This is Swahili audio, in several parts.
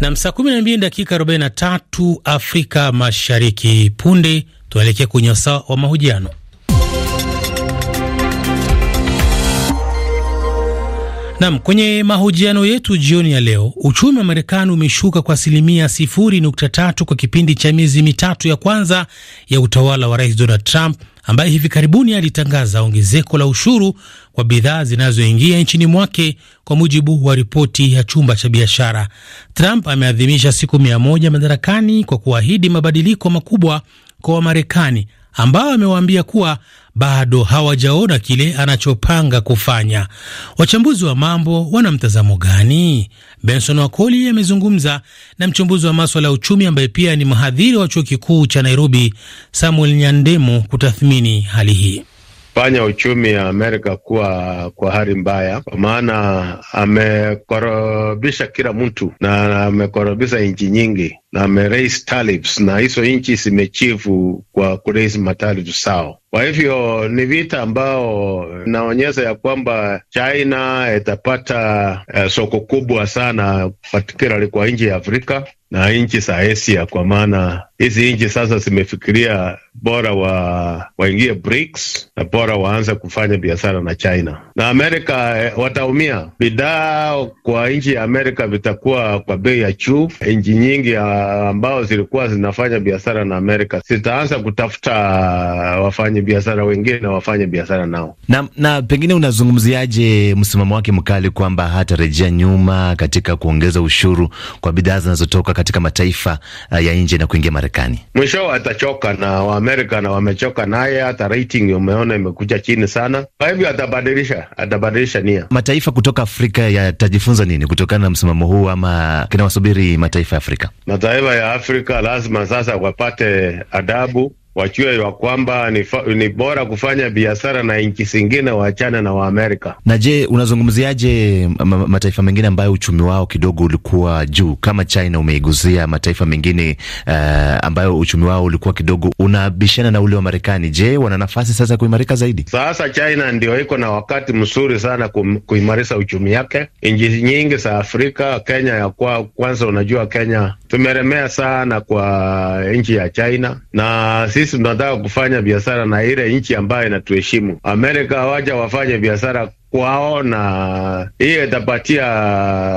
Nam, saa 12 dakika 43 Afrika Mashariki. Punde tunaelekea kwenye wasaa wa mahojiano. Nam, kwenye mahojiano yetu jioni ya leo, uchumi wa Marekani umeshuka kwa asilimia 0.3 kwa kipindi cha miezi mitatu ya kwanza ya utawala wa Rais Donald Trump ambaye hivi karibuni alitangaza ongezeko la ushuru kwa bidhaa zinazoingia nchini mwake, kwa mujibu wa ripoti ya chumba cha biashara. Trump ameadhimisha siku mia moja madarakani kwa kuahidi mabadiliko makubwa kwa Wamarekani ambao amewaambia kuwa bado hawajaona kile anachopanga kufanya. Wachambuzi wa mambo wana mtazamo gani? Benson Wakoli amezungumza na mchambuzi wa maswala ya uchumi ambaye pia ni mhadhiri wa chuo kikuu cha Nairobi, Samuel Nyandemo, kutathmini hali hii fanya uchumi ya Amerika kuwa kwa hali mbaya, kwa maana amekorobisha kila mtu na amekorobisha nchi nyingi na ame raise tariffs, na hizo nchi zimechivu kwa ku raise matarifu sao kwa hivyo ni vita ambao inaonyesha ya kwamba China itapata uh, soko kubwa sana patikirali kwa nchi ya Afrika na nchi za Asia, kwa maana hizi nchi sasa zimefikiria bora wa waingie BRICS na bora waanze kufanya biashara na China na Amerika eh, wataumia. Bidhaa kwa nchi ya Amerika vitakuwa kwa bei ya juu. Nchi nyingi ah, ambao zilikuwa zinafanya biashara na Amerika zitaanza kutafuta ah, wafanyi biashara wengine na wafanye biashara nao. Na, na pengine unazungumziaje msimamo wake mkali kwamba hatarejea nyuma katika kuongeza ushuru kwa bidhaa zinazotoka katika mataifa uh, ya nje na kuingia Marekani? Mwisho atachoka na Waamerika na wamechoka naye, hata rating umeona imekuja chini sana. Kwa hivyo atabadilisha, atabadilisha nia. Mataifa kutoka Afrika yatajifunza nini kutokana na msimamo huu, ama kinawasubiri mataifa ya Afrika? Mataifa ya Afrika lazima sasa wapate adabu wajue ya kwamba ni, ni bora kufanya biashara na nchi zingine, waachane na Waamerika. Na je, unazungumziaje mataifa mengine ambayo uchumi wao kidogo ulikuwa juu kama China? Umeiguzia mataifa mengine uh, ambayo uchumi wao ulikuwa kidogo unabishana na ule wa Marekani. Je, wana nafasi sasa ya kuimarika zaidi? Sasa China ndio iko na wakati mzuri sana kum, kuimarisha uchumi yake. Nchi nyingi za Afrika, Kenya ya kwa, kwanza, unajua Kenya tumeremea sana kwa nchi ya China na sisi sisi tunataka kufanya biashara na ile nchi ambayo inatuheshimu. Amerika hawaja wafanye biashara kwao, na hiyo itapatia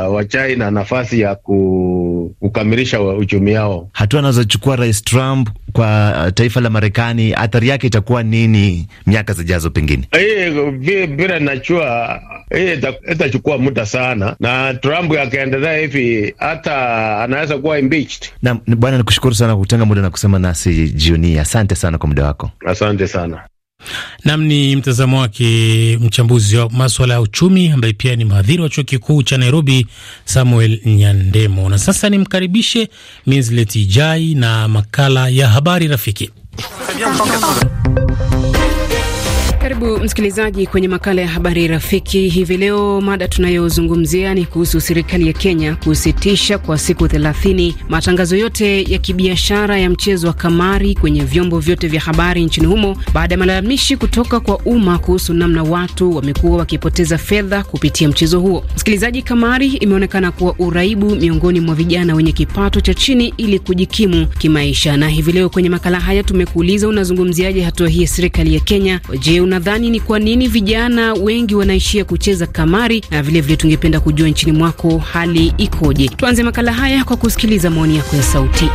Wachina nafasi ya kukamilisha uchumi yao Hatua anazochukua Rais Trump kwa taifa la Marekani, athari yake itakuwa nini miaka zijazo? Pengine hii eh, bila nachua hii eh, itachukua muda sana, na Trump akiendelea hivi hata anaweza kuwa impeached. Na bwana, nikushukuru sana kwa kutenga muda na kusema nasi jioni. Asante sana kwa muda wako, asante sana. Nam ni mtazamo wake mchambuzi wa maswala ya uchumi ambaye pia ni mhadhiri wa chuo kikuu cha Nairobi, Samuel Nyandemo. Na sasa nimkaribishe Minzleti Ijai na makala ya habari rafiki karibu msikilizaji kwenye makala ya habari rafiki. Hivi leo mada tunayozungumzia ni kuhusu serikali ya Kenya kusitisha kwa siku thelathini matangazo yote ya kibiashara ya mchezo wa kamari kwenye vyombo vyote vya habari nchini humo baada ya malalamishi kutoka kwa umma kuhusu namna watu wamekuwa wakipoteza fedha kupitia mchezo huo. Msikilizaji, kamari imeonekana kuwa uraibu miongoni mwa vijana wenye kipato cha chini ili kujikimu kimaisha, na hivi leo kwenye makala haya tumekuuliza unazungumziaje hatua hii ya serikali ya Kenya? Je, una unadhani ni kwa nini vijana wengi wanaishia kucheza kamari, na vilevile tungependa kujua nchini mwako hali ikoje? Tuanze makala haya kwa kusikiliza maoni yako ya sauti.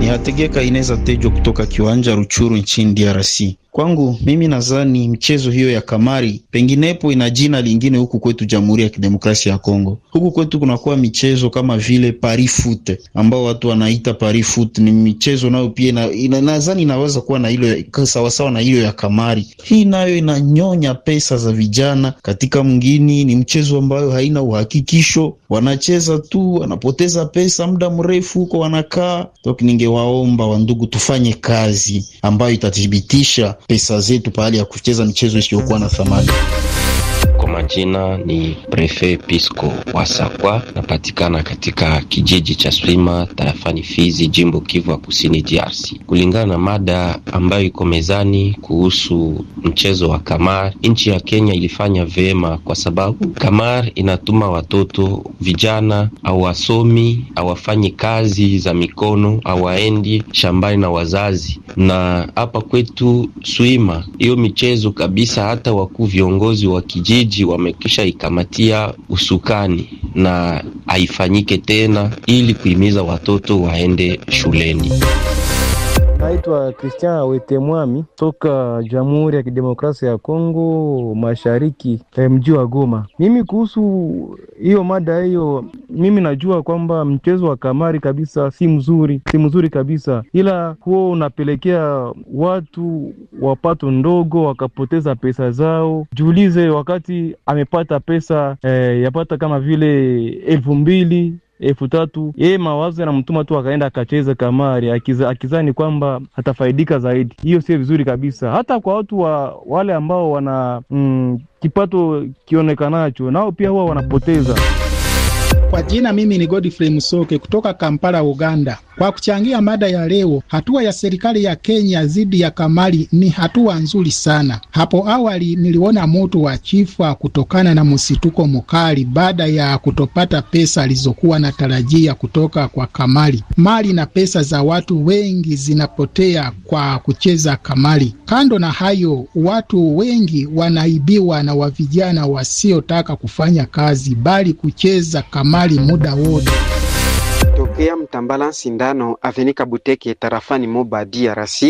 Ni hategeka inaweza tejwa kutoka kiwanja Ruchuru nchini DRC. Kwangu mimi nadhani mchezo hiyo ya kamari penginepo ina jina lingine huku kwetu Jamhuri ya Kidemokrasia ya Kongo. Huku kwetu kunakuwa michezo kama vile Paris foot ambao watu wanaita Paris foot, ni michezo nayo pia na, ina, nadhani inaweza kuwa na hilo sawasawa na hiyo ya kamari. Hii nayo inanyonya pesa za vijana katika mgini. Ni mchezo ambayo haina uhakikisho, wanacheza tu, wanapoteza pesa muda mrefu huko wanakaa. Ningewaomba wandugu, tufanye kazi ambayo itathibitisha pesa zetu pahali ya kucheza michezo isiyokuwa na thamani majina ni Prefe Pisco Wasakwa, napatikana katika kijiji cha Swima tarafani Fizi, jimbo Kivu ya Kusini, DRC. Kulingana na mada ambayo iko mezani kuhusu mchezo wa kamar, nchi ya Kenya ilifanya vema kwa sababu kamar inatuma watoto vijana, awasomi awafanyi kazi za mikono, awaendi shambani na wazazi. Na hapa kwetu Swima hiyo michezo kabisa, hata wakuu viongozi wa kijiji wamekisha ikamatia usukani na haifanyike tena, ili kuhimiza watoto waende shuleni. Naitwa Christian Wetemwami toka Jamhuri ya Kidemokrasia ya Kongo, mashariki eh, mji wa Goma. Mimi kuhusu hiyo mada hiyo, mimi najua kwamba mchezo wa kamari kabisa si mzuri, si mzuri kabisa, ila huo unapelekea watu wapato ndogo wakapoteza pesa zao. Jiulize, wakati amepata pesa eh, yapata kama vile elfu mbili elfu tatu yeye mawazo yanamtuma tu akaenda akacheza kamari akizani kwamba atafaidika zaidi. Hiyo sio vizuri kabisa, hata kwa watu wa wale ambao wana mm, kipato kionekanacho, nao pia huwa wanapoteza kwa jina mimi ni Godfrey Musoke kutoka Kampala, Uganda. Kwa kuchangia mada ya leo, hatua ya serikali ya Kenya dhidi ya kamari ni hatua nzuri sana. Hapo awali niliona moto wa chifa kutokana na msituko mkali baada ya kutopata pesa alizokuwa na tarajia kutoka kwa kamari. Mali na pesa za watu wengi zinapotea kwa kucheza kamari. Kando na hayo, watu wengi wanaibiwa na wavijana wasiotaka kufanya kazi bali kucheza kamari mali muda wote. Tokea Mtambala Sindano Avenika Buteke tarafani Moba DRC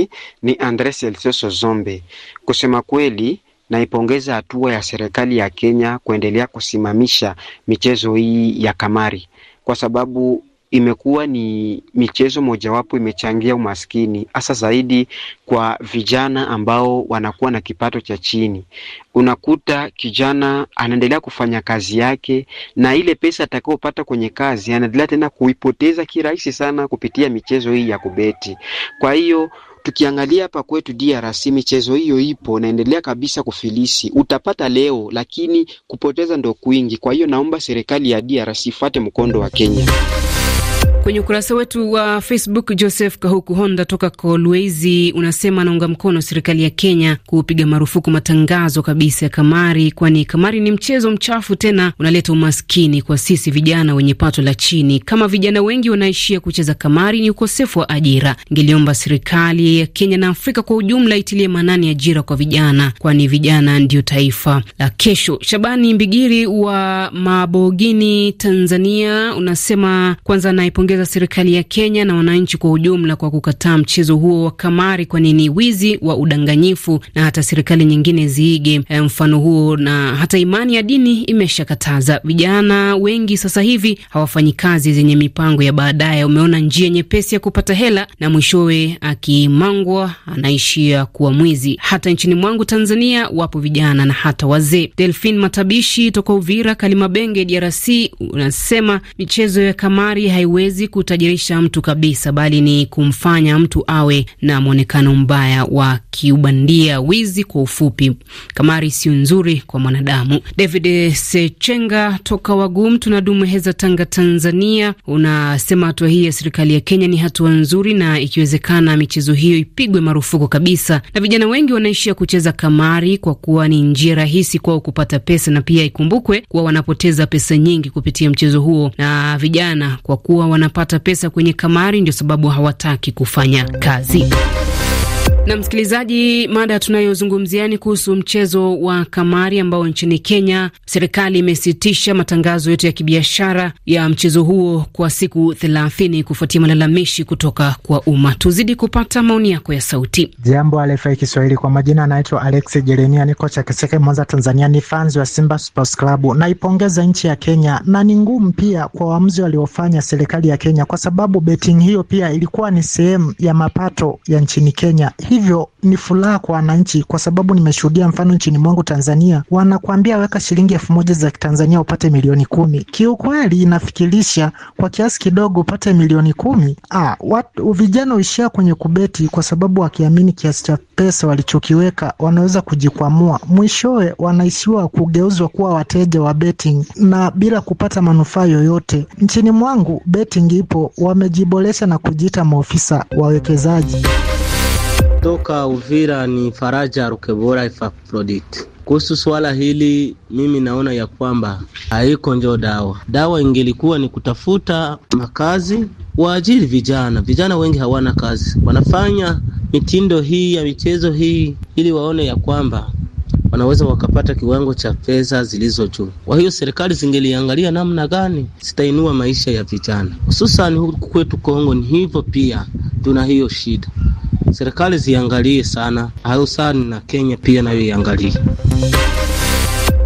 ni Andre selsoso Zombe. Kusema kweli naipongeza hatua ya serikali ya Kenya kuendelea kusimamisha michezo hii ya kamari kwa sababu imekuwa ni michezo mojawapo imechangia umaskini, hasa zaidi kwa vijana ambao wanakuwa na kipato cha chini. Unakuta kijana anaendelea kufanya kazi yake, na ile pesa atakayopata kwenye kazi anaendelea tena kuipoteza kirahisi sana kupitia michezo hii ya kubeti. Kwa hiyo tukiangalia hapa kwetu DRC michezo hiyo ipo naendelea kabisa kufilisi, utapata leo lakini kupoteza ndo kwingi. Kwa hiyo naomba serikali ya DRC ifuate mkondo wa Kenya. Kwenye ukurasa wetu wa Facebook, Joseph Kahuku Honda toka Kolwezi unasema anaunga mkono serikali ya Kenya kupiga marufuku matangazo kabisa ya kamari, kwani kamari ni mchezo mchafu, tena unaleta umaskini kwa sisi vijana wenye pato la chini. Kama vijana wengi wanaishia kucheza kamari, ni ukosefu wa ajira. ngeliomba serikali ya Kenya na Afrika kwa ujumla itilie maanani ajira kwa vijana, kwani vijana ndio taifa la kesho. Shabani Mbigiri wa Mabogini, Tanzania unasema kwanza naipongeza kupongeza serikali ya Kenya na wananchi kwa ujumla kwa kukataa mchezo huo wa kamari, kwani ni wizi wa udanganyifu, na hata serikali nyingine ziige eh, mfano huo. Na hata imani ya dini imeshakataza. Vijana wengi sasa hivi hawafanyi kazi zenye mipango ya baadaye, wameona njia nyepesi ya kupata hela, na mwishowe akimangwa anaishia kuwa mwizi. Hata nchini mwangu Tanzania wapo vijana na hata wazee. Delphine Matabishi toka Uvira Kalimabenge, DRC, unasema michezo ya kamari haiwezi kutajirisha mtu kabisa, bali ni kumfanya mtu awe na mwonekano mbaya wa kiubandia, wizi kwa ufupi. Kamari sio nzuri kwa mwanadamu. David Sechenga toka Wagum tunadumeheza Tanga, Tanzania, unasema hatua hii ya serikali ya Kenya ni hatua nzuri, na ikiwezekana michezo hiyo ipigwe marufuku kabisa, na vijana wengi wanaishia kucheza kamari kwa kuwa ni njia rahisi kwao kupata pesa, na pia ikumbukwe kuwa wanapoteza pesa nyingi kupitia mchezo huo na vijana kwa kuwa wana kupata pesa kwenye kamari, ndio sababu hawataki kufanya kazi. Na msikilizaji, mada tunayozungumzia ni kuhusu mchezo wa kamari ambao nchini Kenya serikali imesitisha matangazo yote ya kibiashara ya mchezo huo kwa siku thelathini kufuatia malalamishi kutoka kwa umma. Tuzidi kupata maoni yako ya sauti. Jambo alefai Kiswahili, kwa majina anaitwa Alex Jeremia, ni kocha Kiseke, Mwanza, Tanzania. Ni fans wa Simba Sports Club. Naipongeza nchi ya Kenya na ni ngumu pia kwa waamuzi waliofanya serikali ya Kenya, kwa sababu betting hiyo pia ilikuwa ni sehemu ya mapato ya nchini Kenya. Hii hivyo ni furaha kwa wananchi, kwa sababu nimeshuhudia mfano nchini mwangu Tanzania, wanakuambia weka shilingi elfu moja za Tanzania upate milioni kumi. Kiukweli inafikirisha kwa kiasi kidogo upate milioni kumi. Ah, wat, vijana uishia kwenye kubeti, kwa sababu wakiamini kiasi cha pesa walichokiweka wanaweza kujikwamua, mwishowe wanaishiwa kugeuzwa kuwa wateja wa betting na bila kupata manufaa yoyote. Nchini mwangu betting ipo, wamejiboresha na kujiita maofisa wawekezaji. Toka Uvira ni Faraja Rukebora Ifaprodit. Kuhusu swala hili mimi naona ya kwamba haiko njo dawa. Dawa ingelikuwa ni kutafuta makazi, waajiri vijana. Vijana wengi hawana kazi, wanafanya mitindo hii ya michezo hii ili waone ya kwamba wanaweza wakapata kiwango cha pesa zilizo juu. Kwa hiyo serikali zingeliangalia namna gani zitainua maisha ya vijana, hususani huku kwetu Kongo. Ni hivyo pia, tuna hiyo shida serikali ziangalie sana, Ausani na Kenya pia nayo iangalie.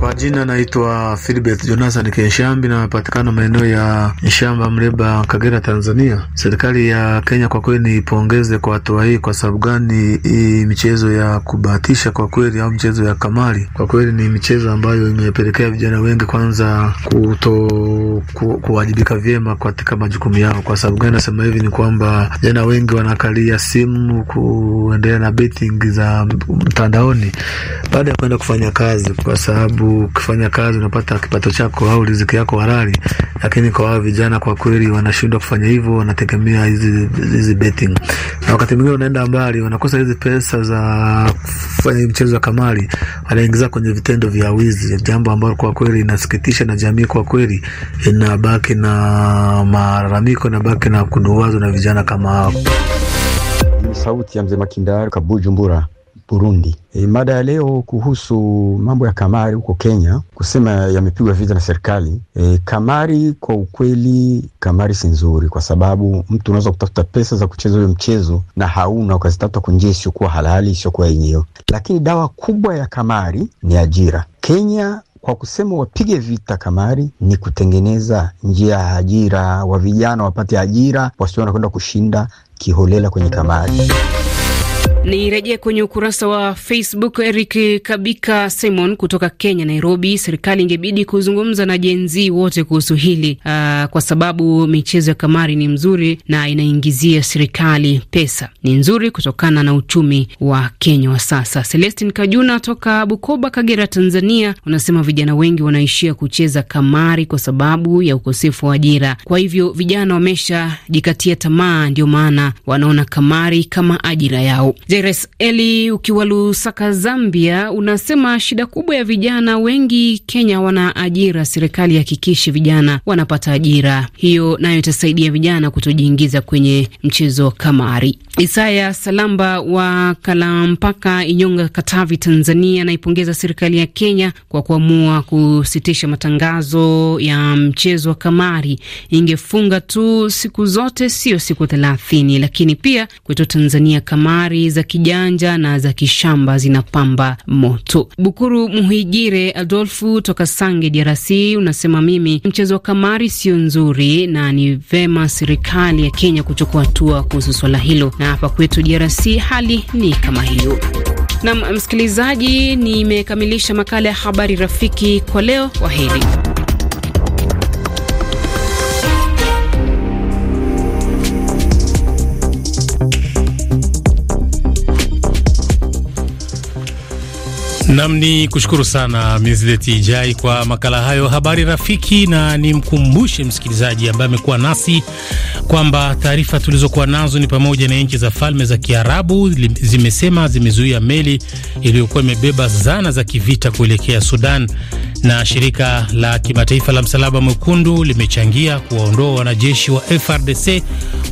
Kwa jina naitwa Philbert Jonathan Kenshambi na napatikana maeneo ya Nshamba, Mleba, Kagera, Tanzania. Serikali ya Kenya kwa kweli niipongeze kwa hatua hii. Kwa sababu gani? Hii michezo ya kubahatisha kwa kweli, au michezo ya kamari kwa kweli, ni michezo ambayo imepelekea vijana wengi kwanza kuto ku, kuwajibika vyema katika majukumu yao. Kwa sababu gani nasema hivi? Ni kwamba vijana wengi wanakalia simu kuendelea na betting za mtandaoni baada ya kwenda kufanya kazi, kwa sababu ukifanya kazi unapata kipato chako au riziki yako halali, lakini kwa wao vijana kwa kweli wanashindwa kufanya hivyo, wanategemea hizi hizi betting, na wakati mwingine wanaenda mbali, wanakosa hizi pesa za kufanya mchezo wa kamari, wanaingiza kwenye vitendo vya wizi, jambo ambalo kwa kweli inasikitisha, na jamii kwa kweli inabaki na malalamiko, inabaki na kuduwazwa na vijana kama hao. Sauti ya mzee Makindari Kabujumbura. Burundi. E, mada ya leo kuhusu mambo ya kamari huko Kenya, kusema yamepigwa vita na serikali. E, kamari kwa ukweli, kamari si nzuri, kwa sababu mtu unaweza kutafuta pesa za kucheza huyo mchezo na hauna, ukazitafuta kwa njia isiyokuwa halali, isiyokuwa yenyewe. Lakini dawa kubwa ya kamari ni ajira. Kenya kwa kusema wapige vita kamari ni kutengeneza njia ya ajira, wa vijana wapate ajira, wasiwe wanakwenda kushinda kiholela kwenye kamari. Nirejee kwenye ukurasa wa Facebook. Eric Kabika Simon kutoka Kenya, Nairobi. Serikali ingebidi kuzungumza na jenzii wote kuhusu hili uh, kwa sababu michezo ya kamari ni mzuri na inaingizia serikali pesa, ni nzuri kutokana na uchumi wa Kenya wa sasa. Celestin Kajuna toka Bukoba, Kagera, Tanzania, unasema vijana wengi wanaishia kucheza kamari kwa sababu ya ukosefu wa ajira. Kwa hivyo vijana wameshajikatia tamaa, ndio maana wanaona kamari kama ajira yao. Jairus Eli, ukiwa Lusaka, Zambia, unasema shida kubwa ya vijana wengi Kenya wana ajira, serikali hakikishi vijana wanapata ajira, hiyo nayo itasaidia vijana kutojiingiza kwenye mchezo wa kamari. Isaya Salamba wa Kalampaka, Inyonga, Katavi, Tanzania, naipongeza serikali ya Kenya kwa kuamua kusitisha matangazo ya mchezo wa kamari. Ingefunga tu siku zote, sio siku thelathini, lakini pia kwetu Tanzania kamari za za kijanja na za kishamba zinapamba moto. Bukuru Muhigire Adolfu toka Sange, DRC, unasema mimi, mchezo wa kamari sio nzuri na ni vema serikali ya Kenya kuchukua hatua kuhusu swala hilo, na hapa kwetu DRC hali ni kama hiyo. Nam msikilizaji, nimekamilisha makala ya habari rafiki kwa leo. Kwaheri. Nam ni kushukuru sana Mizleti Jai kwa makala hayo habari rafiki, na nimkumbushe msikilizaji ambaye amekuwa nasi kwamba taarifa tulizokuwa nazo ni pamoja na nchi za Falme za Kiarabu zimesema zimezuia meli iliyokuwa imebeba zana za kivita kuelekea Sudan na shirika la kimataifa la Msalaba Mwekundu limechangia kuwaondoa wanajeshi wa FRDC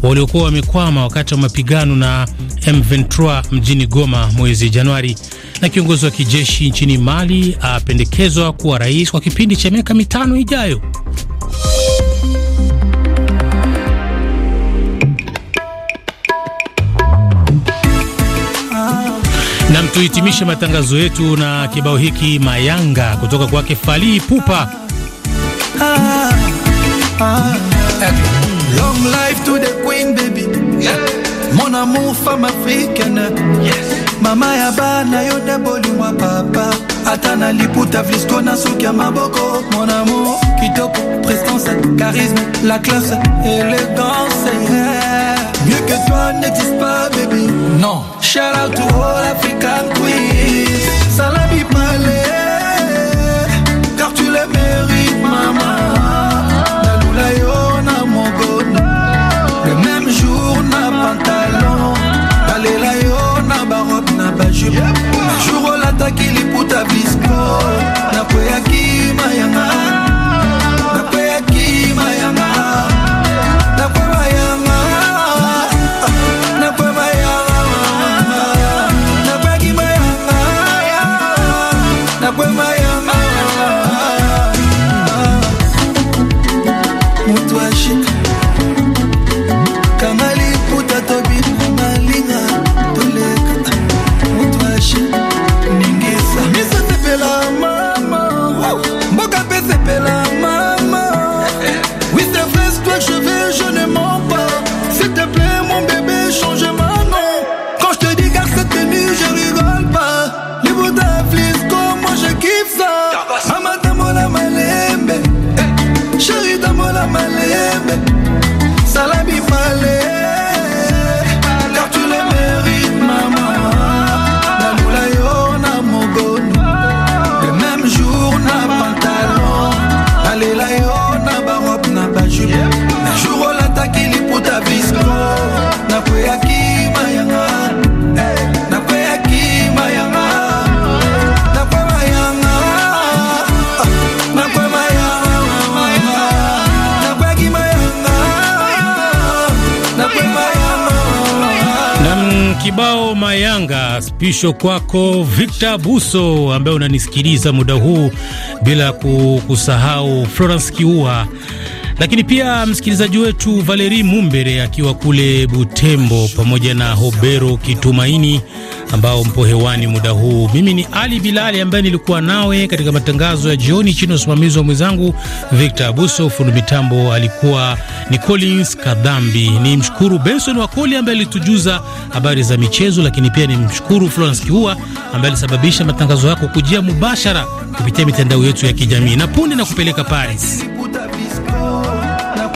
waliokuwa wamekwama wakati wa mapigano na M23 mjini Goma mwezi Januari. Na kiongozi wa kijeshi nchini Mali apendekezwa kuwa rais kwa kipindi cha miaka mitano ijayo. Nam, tuhitimishe matangazo yetu na kibao hiki Mayanga kutoka kwake Fali pupa Ah, ah, Long life to the queen baby, yeah. Mon amour femme africaine, yes mama ya bana yote bolimwa papa ata naliputa vlisco nasukia maboko monamo kitoko prestance carisme la classe élégance yeah. mieux que toi n'existe pas baby non shout out to all african queen Yep. spisho kwako Victor Buso ambaye unanisikiliza muda huu, bila kusahau Florence Kiua, lakini pia msikilizaji wetu Valeri Mumbere akiwa kule Butembo, pamoja na Hobero Kitumaini ambao mpo hewani muda huu. Mimi ni Ali Bilali ambaye nilikuwa nawe katika matangazo ya jioni chini ya usimamizi wa mwenzangu Victor Abuso. Fundi mitambo alikuwa ni Collins Kadhambi. Ni mshukuru Benson Wakoli ambaye alitujuza habari za michezo, lakini pia ni mshukuru Florence kiua ambaye alisababisha matangazo yako kujia mubashara kupitia mitandao yetu ya kijamii. Na punde na kupeleka Paris.